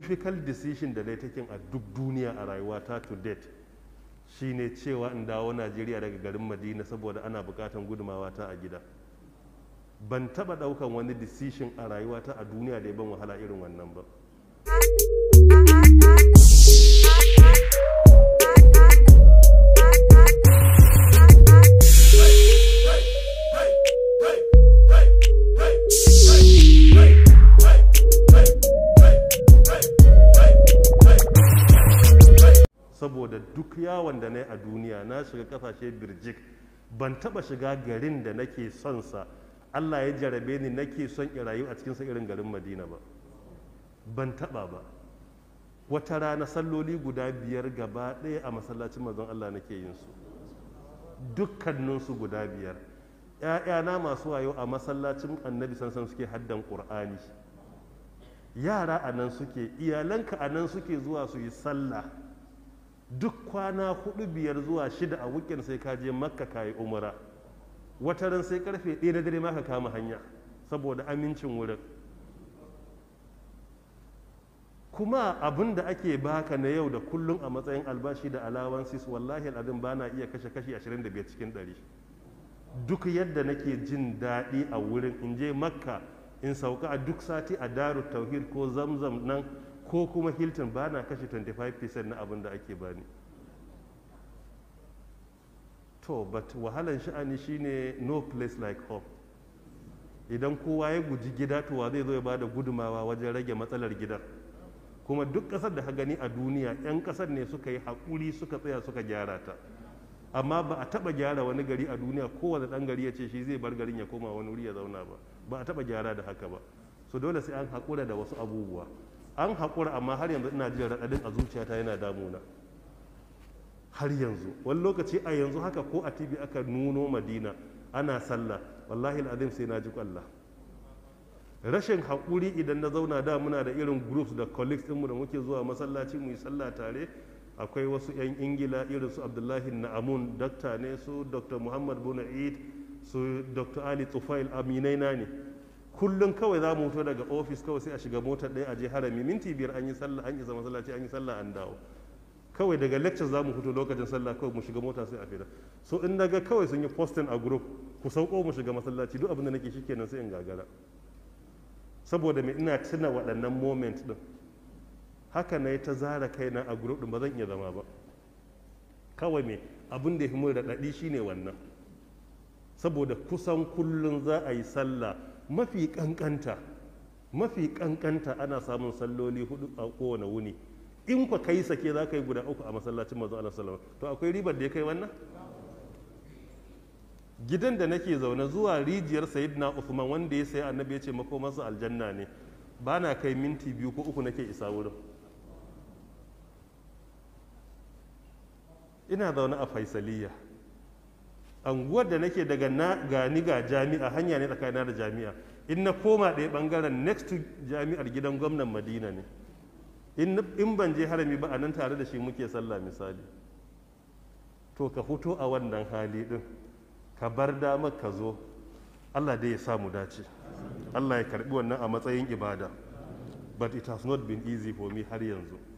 difficult decision da dai taken a duk duniya a rayuwata to date shine cewa in dawo najeriya daga garin madina saboda ana bukatan gudumawa ta a gida ban taba daukan wani decision a rayuwata a duniya da ya ban wahala irin wannan ba duk yawon da na a duniya na shiga kasashe birjik ban taba shiga garin da nake son sa Allah ya jarabe ni nake son in rayu a cikin irin garin Madina ba ban taba ba wata rana salloli guda biyar gaba ɗaya a masallacin mazan Allah nake yin su su guda biyar ‘ya'yana masu wayo a masallacin annabi sansan suke haddan ƙur'ani yara a nan suke iyalanka a nan suke zuwa su yi sallah duk kwana hudu biyar zuwa shida a wukin sai ka je makka ka yi umara wata ran sai karfe ɗaya na dare maka kama hanya saboda amincin wurin kuma abin da ake baka na yau da kullum a matsayin albashi da alawansis wallahi al'adun ba na iya kashe kashi 25 cikin 100 duk yadda nake jin daɗi a wurin in je makka in sauka a duk sati a daru tauhid ko zamzam nan ko kuma hilton ba na kashe 25% na abin da ake bani to but wahalan sha'ani shine no place like home idan kowa ya guji gida to zai zo ya ba da gudumawa wajen rage matsalar gidan kuma duk ƙasar da ka gani a duniya 'yan ƙasar ne suka yi haƙuri suka tsaya suka gyara ta amma ba a taɓa gyara wani gari a duniya kowane ɗan gari ya ce shi zai bar garin ya koma wani wuri ya zauna ba ba a taɓa gyara da haka ba so dole sai an haƙura da wasu abubuwa an haƙura amma har yanzu ina jin raɗaɗin a zuciyata yana damuna har yanzu wani lokaci a yanzu haka ko a tibi aka nuno madina ana sallah wallahi azim sai na ji kwalla rashin haƙuri idan na zauna da muna da irin groups da colleagues ɗinmu da muke zuwa masallaci mu yi sallah tare akwai wasu 'yan ingila irin su abdullahi na'amun dokta ne su dr muhammad bonaid su dr ali tufail aminaina ne kullum kawai za mu fito daga ofis kawai sai a shiga motar ɗaya a je harami minti biyar an yi sallah an isa masallaci an yi sallah an dawo kawai daga lecture za mu fito lokacin sallah kawai mu shiga mota sai a fita so in daga kawai sun yi posting a group ku sauko mu shiga masallaci duk abin da nake shikenan sai in gagara saboda me ina tuna waɗannan moment din haka na yi ta zara kaina a group din ba zan iya zama ba kawai me abin da ya fi da raɗaɗi shine wannan saboda kusan kullum za a yi sallah mafi kankanta mafi kankanta ana samun salloli hudu a kowane wuni in ka kai sake za ka yi guda uku a masallacin mazu ala salama to akwai ribar da ya kai wannan gidan da nake zaune zuwa rijiyar na Usman, wanda ya sai annabi ya ce makomansa aljanna ne ba na kai minti biyu ko uku nake isa wurin ina zaune a faisaliya anguwar da nake daga gani ga jami'a hanya ne tsakanin da jami'a in na koma ɗaya ɓangaren next to jami'ar gidan gwamnan madina ne in ban je harami ba a nan tare da shi muke sallah misali to ka fito a wannan hali ɗin ka bar dama ka zo allah dai ya samu dace allah ya karɓi wannan a matsayin ibada but it has not been easy for me har yanzu